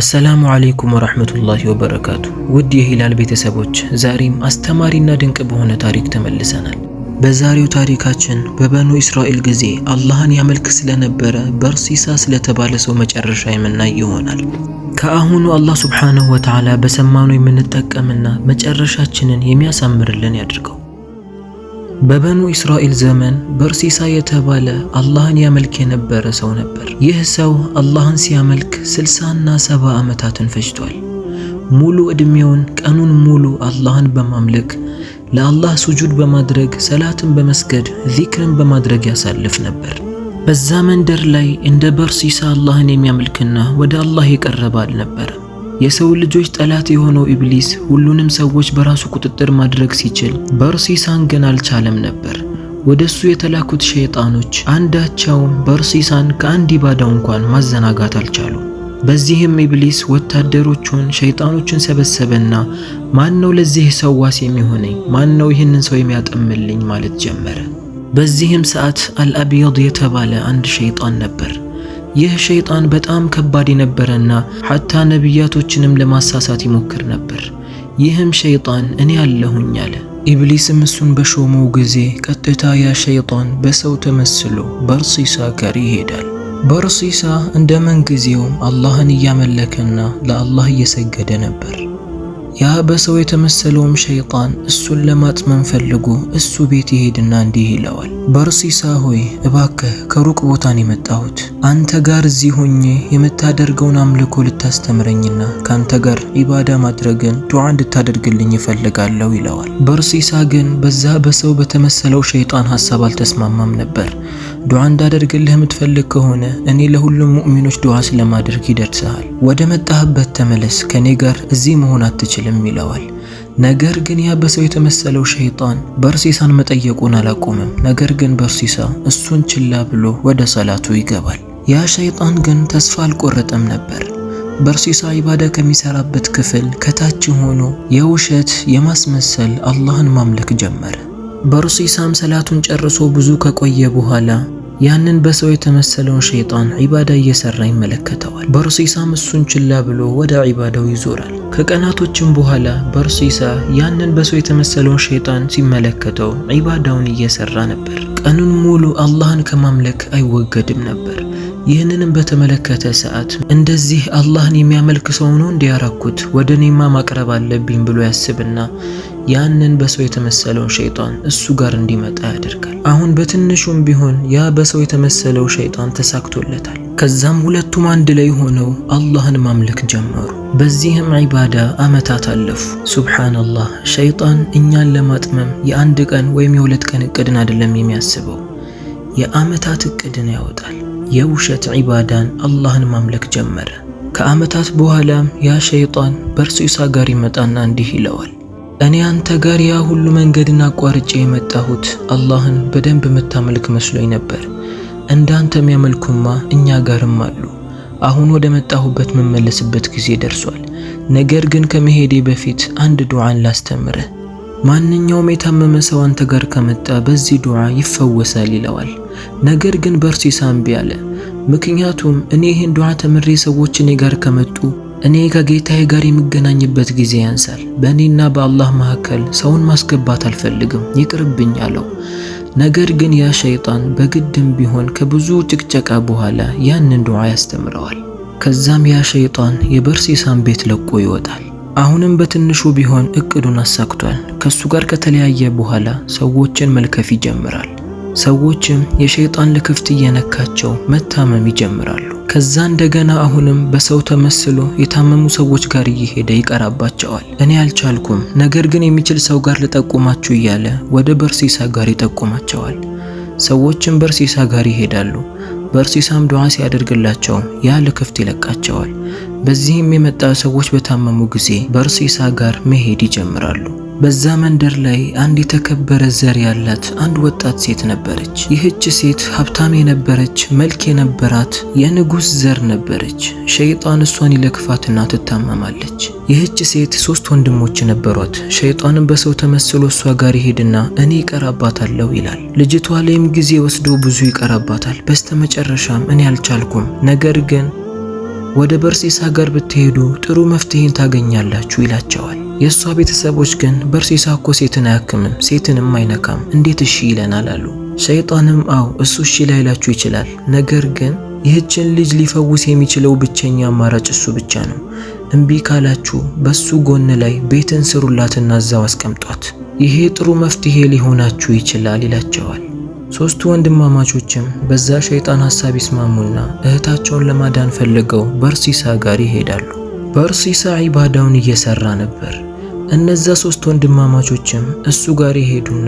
አሰላሙ አለይኩም ወራህመቱላሂ ወበረካቱ። ውድ የሂላል ቤተሰቦች ዛሬም አስተማሪና ድንቅ በሆነ ታሪክ ተመልሰናል። በዛሬው ታሪካችን በበኑ እስራኤል ጊዜ አላህን ያመልክ ስለነበረ በርሲሳ ስለተባለ ሰው መጨረሻ የምናይ ይሆናል። ከአሁኑ አላህ ሱብሓነሁ ወተዓላ በሰማኑ የምንጠቀምና መጨረሻችንን የሚያሳምርልን ያድርገው። በበኑ ኢስራኤል ዘመን በርሲሳ የተባለ አላህን ያመልክ የነበረ ሰው ነበር። ይህ ሰው አላህን ሲያመልክ ስልሳና ሰባ ዓመታትን ፈጅቷል። ሙሉ ዕድሜውን ቀኑን ሙሉ አላህን በማምለክ ለአላህ ስጁድ በማድረግ ሰላትን በመስገድ ዚክርን በማድረግ ያሳልፍ ነበር። በዛ መንደር ላይ እንደ በርሲሳ አላህን የሚያመልክና ወደ አላህ የቀረበ አልነበረም። የሰው ልጆች ጠላት የሆነው ኢብሊስ ሁሉንም ሰዎች በራሱ ቁጥጥር ማድረግ ሲችል በርሲሳን ግን አልቻለም ነበር። ወደሱ የተላኩት ሸይጣኖች አንዳቸውም በርሲሳን ከአንድ ኢባዳው እንኳን ማዘናጋት አልቻሉ። በዚህም ኢብሊስ ወታደሮቹን ሸይጣኖቹን ሰበሰበና ማን ነው ለዚህ ሰው ዋስ የሚሆነኝ? ማን ነው ይህንን ሰው የሚያጠምልኝ? ማለት ጀመረ። በዚህም ሰዓት አልአብየድ የተባለ አንድ ሸይጣን ነበር። ይህ ሸይጣን በጣም ከባድ የነበረና ሐታ ነቢያቶችንም ለማሳሳት ይሞክር ነበር። ይህም ሸይጣን እኔ አለሁኝ አለ። ኢብሊስም እሱን በሾመው ጊዜ ቀጥታ ያ ሸይጣን በሰው ተመስሎ በርሲሳ ጋር ይሄዳል። በርሲሳ እንደ ምንጊዜውም አላህን እያመለከና ለአላህ እየሰገደ ነበር። ያ በሰው የተመሰለውም ሸይጣን እሱን ለማጥመም ፈልጎ እሱ ቤት ይሄድና እንዲህ ይለዋል፣ በርሲሳ ሆይ እባክህ ከሩቅ ቦታን የመጣሁት አንተ ጋር እዚህ ሆኜ የምታደርገውን አምልኮ ልታስተምረኝና ከአንተ ጋር ኢባዳ ማድረግን ዱዓ እንድታደርግልኝ ይፈልጋለሁ ይለዋል። በርሲሳ ግን በዛ በሰው በተመሰለው ሸይጣን ሀሳብ አልተስማማም ነበር። ዱዓ እንዳደርግልህ የምትፈልግ ከሆነ እኔ ለሁሉም ሙእሚኖች ዱዓ ስለማደርግ ይደርስሃል። ወደ መጣህበት ተመለስ፣ ከእኔ ጋር እዚህ መሆን አትችልም ይለዋል። ነገር ግን ያ በሰው የተመሰለው ሸይጣን በርሲሳን መጠየቁን አላቆመም። ነገር ግን በርሲሳ እሱን ችላ ብሎ ወደ ሰላቱ ይገባል። ያ ሸይጣን ግን ተስፋ አልቆረጠም ነበር። በርሲሳ ኢባዳ ከሚሰራበት ክፍል ከታች ሆኖ የውሸት የማስመሰል አላህን ማምለክ ጀመረ። ኢሳም ሰላቱን ጨርሶ ብዙ ከቆየ በኋላ ያንን በሰው የተመሰለውን ሸይጣን ዒባዳ እየሰራ ይመለከተዋል። በርሲሳም እሱን ችላ ብሎ ወደ ዒባዳው ይዞራል። ከቀናቶችም በኋላ ኢሳ ያንን በሰው የተመሰለውን ሸይጣን ሲመለከተው ዒባዳውን እየሰራ ነበር። ቀኑን ሙሉ አላህን ከማምለክ አይወገድም ነበር። ይህንንም በተመለከተ ሰዓት እንደዚህ አላህን የሚያመልክ ሰው ነው እንዲያረኩት ወደ እኔማ ማቅረብ አለብኝ ብሎ ያስብና ያንን በሰው የተመሰለውን ሸይጣን እሱ ጋር እንዲመጣ ያደርጋል። አሁን በትንሹም ቢሆን ያ በሰው የተመሰለው ሸይጣን ተሳክቶለታል። ከዛም ሁለቱም አንድ ላይ ሆነው አላህን ማምለክ ጀመሩ። በዚህም ዒባዳ ዓመታት አለፉ። ሱብሓነላህ ሸይጣን እኛን ለማጥመም የአንድ ቀን ወይም የሁለት ቀን እቅድን አይደለም የሚያስበው፣ የዓመታት እቅድን ያወጣል። የውሸት ዒባዳን አላህን ማምለክ ጀመረ። ከዓመታት በኋላም ያ ሸይጣን በእርሱ ኢሳ ጋር ይመጣና እንዲህ ይለዋል እኔ አንተ ጋር ያ ሁሉ መንገድን አቋርጬ የመጣሁት አላህን በደንብ የምታመልክ መስሎኝ ነበር። እንዳንተ የሚያመልኩማ እኛ ጋርም አሉ። አሁን ወደ መጣሁበት መመለስበት ጊዜ ደርሷል። ነገር ግን ከመሄዴ በፊት አንድ ዱዓን ላስተምረ ማንኛውም የታመመ ሰው አንተ ጋር ከመጣ በዚህ ዱዓ ይፈወሳል ይለዋል። ነገር ግን በርሲ ሳምቢ አለ። ምክንያቱም እኔ ይህን ዱዓ ተምሬ ሰዎች እኔ ጋር ከመጡ እኔ ከጌታዬ ጋር የምገናኝበት ጊዜ ያንሳል። በእኔና በአላህ መካከል ሰውን ማስገባት አልፈልግም፣ ይቅርብኝ አለው። ነገር ግን ያ ሸይጣን በግድም ቢሆን ከብዙ ጭቅጨቃ በኋላ ያንን ዱዓ ያስተምረዋል። ከዛም ያ ሸይጣን የበርሲሳን ቤት ለቆ ይወጣል። አሁንም በትንሹ ቢሆን እቅዱን አሳክቷል። ከሱ ጋር ከተለያየ በኋላ ሰዎችን መልከፍ ይጀምራል። ሰዎችም የሸይጣን ልክፍት እየነካቸው መታመም ይጀምራሉ። ከዛ እንደገና አሁንም በሰው ተመስሎ የታመሙ ሰዎች ጋር እየሄደ ይቀራባቸዋል። እኔ አልቻልኩም፣ ነገር ግን የሚችል ሰው ጋር ልጠቁማችሁ እያለ ወደ በርሲሳ ጋር ይጠቁማቸዋል። ሰዎችም በርሲሳ ጋር ይሄዳሉ። በርሲሳም ዱዓ ሲያደርግላቸው ያ ልክፍት ይለቃቸዋል። በዚህም የመጣ ሰዎች በታመሙ ጊዜ በርሲሳ ጋር መሄድ ይጀምራሉ። በዛ መንደር ላይ አንድ የተከበረ ዘር ያላት አንድ ወጣት ሴት ነበረች። ይህች ሴት ሀብታም የነበረች መልክ የነበራት የንጉሥ ዘር ነበረች። ሸይጣን እሷን ይለክፋትና ትታመማለች። ይህች ሴት ሶስት ወንድሞች ነበሯት። ሸይጣንም በሰው ተመስሎ እሷ ጋር ይሄድና እኔ ይቀራባታለሁ ይላል። ልጅቷ ላይም ጊዜ ወስዶ ብዙ ይቀራባታል። በስተመጨረሻም እኔ አልቻልኩም ነገር ግን ወደ በርሴስ ሀገር ብትሄዱ ጥሩ መፍትሄን ታገኛላችሁ ይላቸዋል። የእሷ ቤተሰቦች ግን በርሴሳ እኮ ሴትን አያክምም፣ ሴትንም አይነካም፣ እንዴት እሺ ይለናል አሉ። ሸይጣንም አው እሱ እሺ ላይላችሁ ይችላል፣ ነገር ግን ይህችን ልጅ ሊፈውስ የሚችለው ብቸኛ አማራጭ እሱ ብቻ ነው። እምቢ ካላችሁ በሱ ጎን ላይ ቤትን ስሩላትና እዛው አስቀምጧት። ይሄ ጥሩ መፍትሄ ሊሆናችሁ ይችላል ይላቸዋል። ሶስቱ ወንድማማቾችም በዛ ሸይጣን ሐሳብ ይስማሙና እህታቸውን ለማዳን ፈልገው በርሲሳ ጋር ይሄዳሉ። በርሲሳ ኢባዳውን እየሰራ ነበር። እነዛ ሶስት ወንድማማቾችም እሱ ጋር ይሄዱና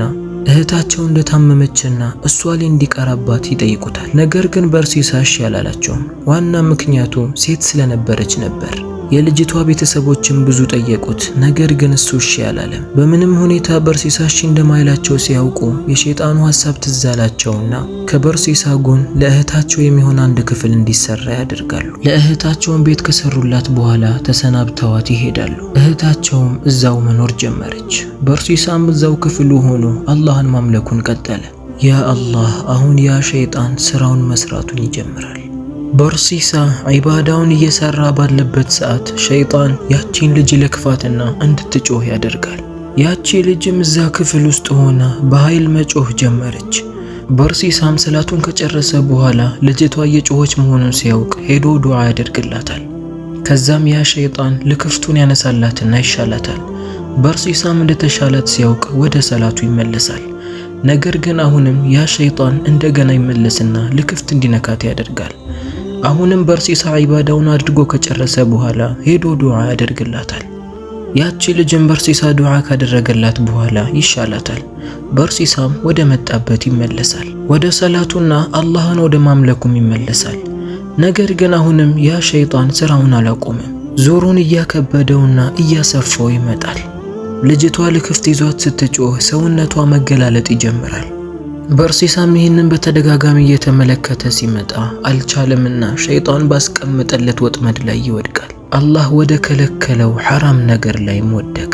እህታቸው እንደታመመችና እሷ ላይ እንዲቀራባት ይጠይቁታል። ነገር ግን በርሲሳ እሺ አላላቸውም። ዋና ምክንያቱ ሴት ስለነበረች ነበር። የልጅቷ ቤተሰቦችም ብዙ ጠየቁት፣ ነገር ግን እሱ እሺ አላለም። በምንም ሁኔታ በርሲሳ እሺ እንደማይላቸው ሲያውቁ የሸይጣኑ ሀሳብ ትዝ አላቸውና ከበርሲሳ ጎን ለእህታቸው የሚሆን አንድ ክፍል እንዲሰራ ያደርጋሉ። ለእህታቸውን ቤት ከሰሩላት በኋላ ተሰናብተዋት ይሄዳሉ። እህታቸውም እዛው መኖር ጀመረች። በርሲሳም እዛው ክፍሉ ሆኖ አላህን ማምለኩን ቀጠለ። ያ አላህ አሁን ያ ሸይጣን ስራውን መስራቱን ይጀምራል። በርሲሳ ዒባዳውን እየሰራ ባለበት ሰዓት ሸይጣን ያቺን ልጅ ለክፋትና እንድትጮህ ያደርጋል። ያቺ ልጅም እዛ ክፍል ውስጥ ሆና በኃይል መጮህ ጀመረች። በርሲሳም ሰላቱን ከጨረሰ በኋላ ልጅቷ እየጮኸች መሆኑን ሲያውቅ ሄዶ ዱዓ ያደርግላታል። ከዛም ያ ሸይጣን ልክፍቱን ያነሳላትና ይሻላታል። በርሲሳም እንደተሻላት ሲያውቅ ወደ ሰላቱ ይመለሳል። ነገር ግን አሁንም ያ ሸይጣን እንደገና ይመለስና ልክፍት እንዲነካት ያደርጋል። አሁንም በርሲሳ ኢባዳውን አድርጎ ከጨረሰ በኋላ ሄዶ ዱዓ ያደርግላታል። ያቺ ልጅም በርሲሳ ዱዓ ካደረገላት በኋላ ይሻላታል። በርሲሳም ወደ መጣበት ይመለሳል፣ ወደ ሰላቱና አላህን ወደ ማምለኩም ይመለሳል። ነገር ግን አሁንም ያ ሸይጣን ስራውን አላቆመም። ዞሩን እያከበደውና እያሰፋው ይመጣል። ልጅቷ ልክፍት ይዟት ስትጮህ ሰውነቷ መገላለጥ ይጀምራል። በርሴሳም ይህንን በተደጋጋሚ እየተመለከተ ሲመጣ አልቻለምና ሸይጣን ባስቀመጠለት ወጥመድ ላይ ይወድቃል። አላህ ወደ ከለከለው ሐራም ነገር ላይም ወደቀ።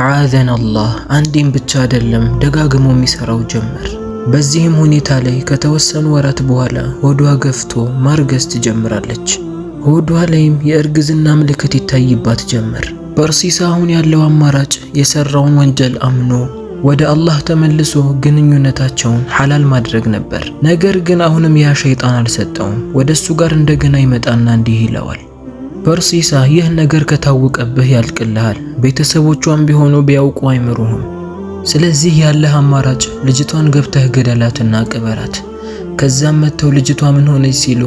አዓዘን አላህ። አንዴም ብቻ አይደለም ደጋግሞ የሚሠራው ጀመር። በዚህም ሁኔታ ላይ ከተወሰኑ ወራት በኋላ ሆዷ ገፍቶ ማርገዝ ትጀምራለች። ሆዷ ላይም የእርግዝና ምልክት ይታይባት ጀመር። በርሲሳ አሁን ያለው አማራጭ የሰራውን ወንጀል አምኖ ወደ አላህ ተመልሶ ግንኙነታቸውን ሐላል ማድረግ ነበር። ነገር ግን አሁንም ያ ሸይጣን አልሰጠውም። ወደ እሱ ጋር እንደገና ይመጣና እንዲህ ይለዋል በርሲሳ ይህ ነገር ከታወቀብህ ያልቅልሃል። ቤተሰቦቿም ቢሆኑ ቢያውቁ አይምሩህም። ስለዚህ ያለህ አማራጭ ልጅቷን ገብተህ ገደላትና ቅበራት። ከዛም መጥተው ልጅቷ ምን ሆነች ሲሉ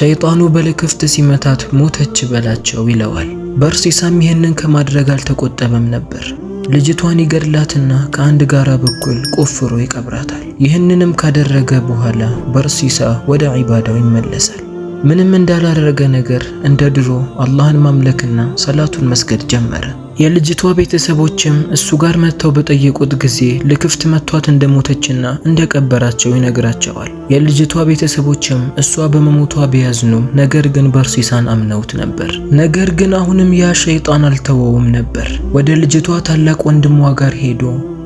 ሸይጣኑ በልክፍት ሲመታት ሞተች በላቸው ይለዋል። በርሲሳም ይህንን ከማድረግ አልተቆጠበም ነበር። ልጅቷን ይገድላትና ከአንድ ጋራ በኩል ቆፍሮ ይቀብራታል። ይህንንም ካደረገ በኋላ በርሲሳ ወደ ዒባዳው ይመለሳል። ምንም እንዳላደረገ ነገር እንደ ድሮ አላህን ማምለክና ሰላቱን መስገድ ጀመረ። የልጅቷ ቤተሰቦችም እሱ ጋር መጥተው በጠየቁት ጊዜ ልክፍት መቷት እንደሞተችና እንደቀበራቸው ይነግራቸዋል። የልጅቷ ቤተሰቦችም እሷ በመሞቷ ቢያዝኑም ነገር ግን በርሲሳን አምነውት ነበር። ነገር ግን አሁንም ያ ሸይጣን አልተወውም ነበር። ወደ ልጅቷ ታላቅ ወንድሟ ጋር ሄዶ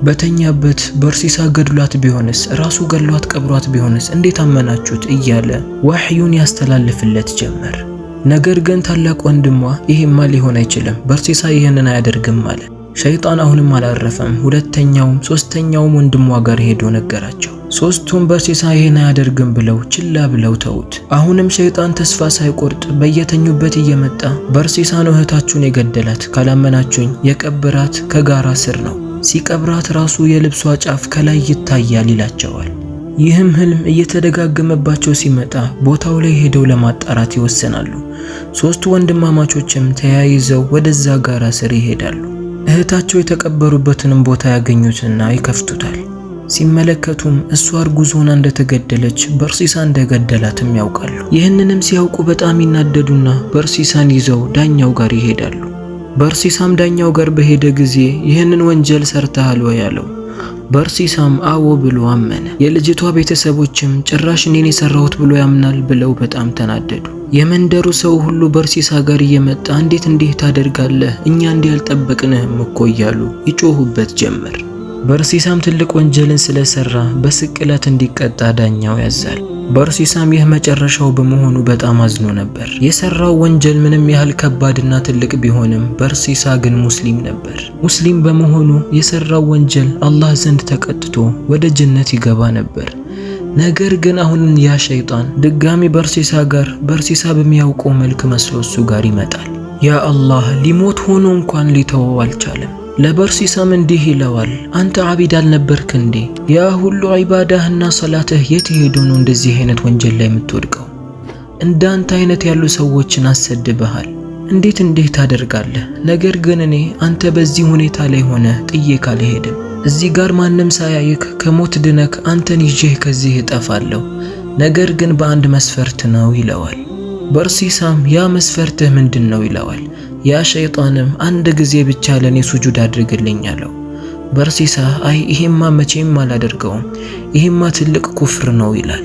በተኛበት በርሲሳ ገድሏት ቢሆንስ ራሱ ገድሏት ቀብሯት ቢሆንስ እንዴት አመናችሁት? እያለ ወህዩን ያስተላልፍለት ጀመር። ነገር ግን ታላቅ ወንድሟ ይሄማ ሊሆን አይችልም፣ በርሴሳ ይህንን አያደርግም አለ። ሸይጣን አሁንም አላረፈም። ሁለተኛውም ሶስተኛውም ወንድሟ ጋር ሄዶ ነገራቸው። ሶስቱም በርሴሳ ይህን አያደርግም ብለው ችላ ብለው ተውት አሁንም ሸይጣን ተስፋ ሳይቆርጥ በየተኙበት እየመጣ ነው እህታችሁን የገደላት ካላመናችሁኝ የቀብራት ከጋራ ስር ነው፣ ሲቀብራት ራሱ የልብሷ ጫፍ ከላይ ይታያል ይላቸዋል። ይህም ህልም እየተደጋገመባቸው ሲመጣ ቦታው ላይ ሄደው ለማጣራት ይወሰናሉ። ሶስቱ ወንድማማቾችም ተያይዘው ወደዛ ጋራ ስር ይሄዳሉ። እህታቸው የተቀበሩበትንም ቦታ ያገኙትና ይከፍቱታል። ሲመለከቱም እሷ እርጉዝ ሆና እንደተገደለች በርሲሳ እንደገደላትም ያውቃሉ። ይህንንም ሲያውቁ በጣም ይናደዱና በርሲሳን ይዘው ዳኛው ጋር ይሄዳሉ። በርሲሳም ዳኛው ጋር በሄደ ጊዜ ይህንን ወንጀል ሰርተሃል ወይ አለው። በርሲሳም አዎ ብሎ አመነ። የልጅቷ ቤተሰቦችም ጭራሽ እኔን የሰራሁት ብሎ ያምናል ብለው በጣም ተናደዱ። የመንደሩ ሰው ሁሉ በርሲሳ ጋር እየመጣ እንዴት እንዲህ ታደርጋለህ? እኛ እንዲህ ያልጠበቅንህም እኮ እያሉ ይጮሁበት ጀመር። በርሲሳም ትልቅ ወንጀልን ስለሰራ በስቅላት እንዲቀጣ ዳኛው ያዛል። ባርሲሳም ይህ መጨረሻው በመሆኑ በጣም አዝኖ ነበር። የሰራው ወንጀል ምንም ያህል ከባድና ትልቅ ቢሆንም ባርሲሳ ግን ሙስሊም ነበር። ሙስሊም በመሆኑ የሰራው ወንጀል አላህ ዘንድ ተቀጥቶ ወደ ጀነት ይገባ ነበር። ነገር ግን አሁን ያ ሸይጣን ድጋሚ በርሲሳ ጋር በርሲሳ በሚያውቀው መልክ መስሎ እሱ ጋር ይመጣል። ያ አላህ ሊሞት ሆኖ እንኳን ሊተወው አልቻለም። ለበርሲሳም እንዲህ ይለዋል፣ አንተ አቢድ አልነበርክ እንዴ? ያ ሁሉ ዒባዳህና ሰላትህ የት ሄዶ ነው እንደዚህ አይነት ወንጀል ላይ የምትወድቀው? እንዳንተ አይነት ያሉ ሰዎችን አሰድበሃል። እንዴት እንዲህ ታደርጋለህ? ነገር ግን እኔ አንተ በዚህ ሁኔታ ላይ ሆነ ጥዬህ አልሄድም። እዚህ ጋር ማንም ሳያይክ ከሞት ድነክ አንተን ይዤህ ከዚህ እጠፋለሁ። ነገር ግን በአንድ መስፈርት ነው ይለዋል። በርሲሳም ያ መስፈርትህ ምንድን ነው ይለዋል። ያ ሸይጣንም አንድ ጊዜ ብቻ ለእኔ ሱጁድ አድርግልኝ አለው። በርሲሳ አይ ይሄማ መቼም አላደርገውም፣ ይሄማ ትልቅ ኩፍር ነው ይላል።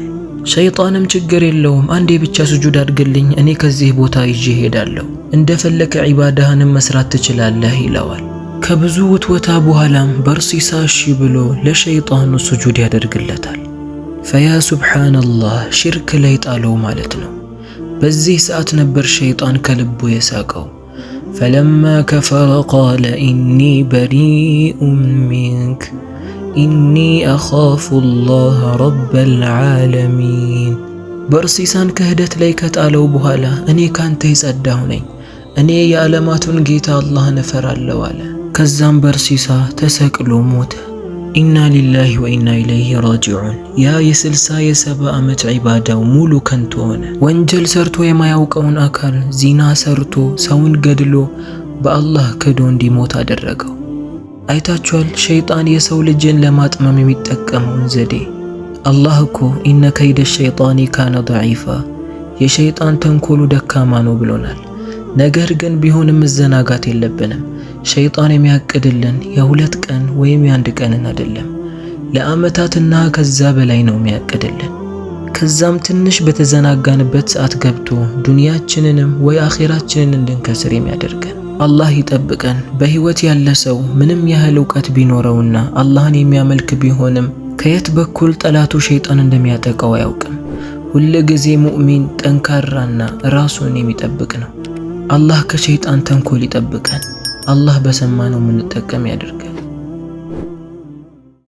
ሸይጣንም ችግር የለውም አንዴ ብቻ ሱጁድ አድርግልኝ፣ እኔ ከዚህ ቦታ ይዤ ሄዳለሁ፣ እንደፈለከ ዒባዳህንም መስራት ትችላለህ ይለዋል። ከብዙ ውትወታ በኋላም በርሲሳ እሺ ብሎ ለሸይጣኑ ሱጁድ ያደርግለታል። ፈያ ሱብሓነላህ ሽርክ ላይ ጣለው ማለት ነው። በዚህ ሰዓት ነበር ሸይጣን ከልቡ የሳቀው። فلما كفر قال إني بريء منك إني أخاف الله رب العالمين በእርሱ ኢሳን ክህደት ላይ ከጣለው በኋላ እኔ ካንተ የጸዳሁ ነኝ፣ እኔ የዓለማቱን ጌታ አላህን እፈራለሁ አለ። ከዛም በእርሲሳ ተሰቅሎ ሞተ። ኢና ሊላሂ ወኢና ኢለይሂ ራጂዑን። ያ የስልሳ የሰባ ዓመት ዒባዳው ሙሉ ከንቱ ሆነ። ወንጀል ሰርቶ የማያውቀውን አካል ዚና ሰርቶ ሰውን ገድሎ በአላህ ክዶ እንዲሞት አደረገው። አይታችኋል? ሸይጣን የሰው ልጅን ለማጥመም የሚጠቀመውን ዘዴ። አላህ እኮ ኢነ ከይደ ሸይጣኒ ካነ ደዒፋ፣ የሸይጣን ተንኮሉ ደካማ ነው ብሎናል። ነገር ግን ቢሆንም መዘናጋት የለብንም። ሸይጣን የሚያቅድልን የሁለት ቀን ወይም የአንድ ቀንን አይደለም፣ ለዓመታትና ከዛ በላይ ነው የሚያቅድልን። ከዛም ትንሽ በተዘናጋንበት ሰዓት ገብቶ ዱንያችንንም ወይ አኼራችንን እንድንከስር የሚያደርገን። አላህ ይጠብቀን። በህይወት ያለ ሰው ምንም ያህል እውቀት ቢኖረውና አላህን የሚያመልክ ቢሆንም ከየት በኩል ጠላቱ ሸይጣን እንደሚያጠቃው አያውቅም። ሁል ጊዜ ሙእሚን ጠንካራና ራሱን የሚጠብቅ ነው። አላህ ከሸይጣን ተንኮል ይጠብቀን። አላህ በሰማነው ነው የምንጠቀም ያደርጋል።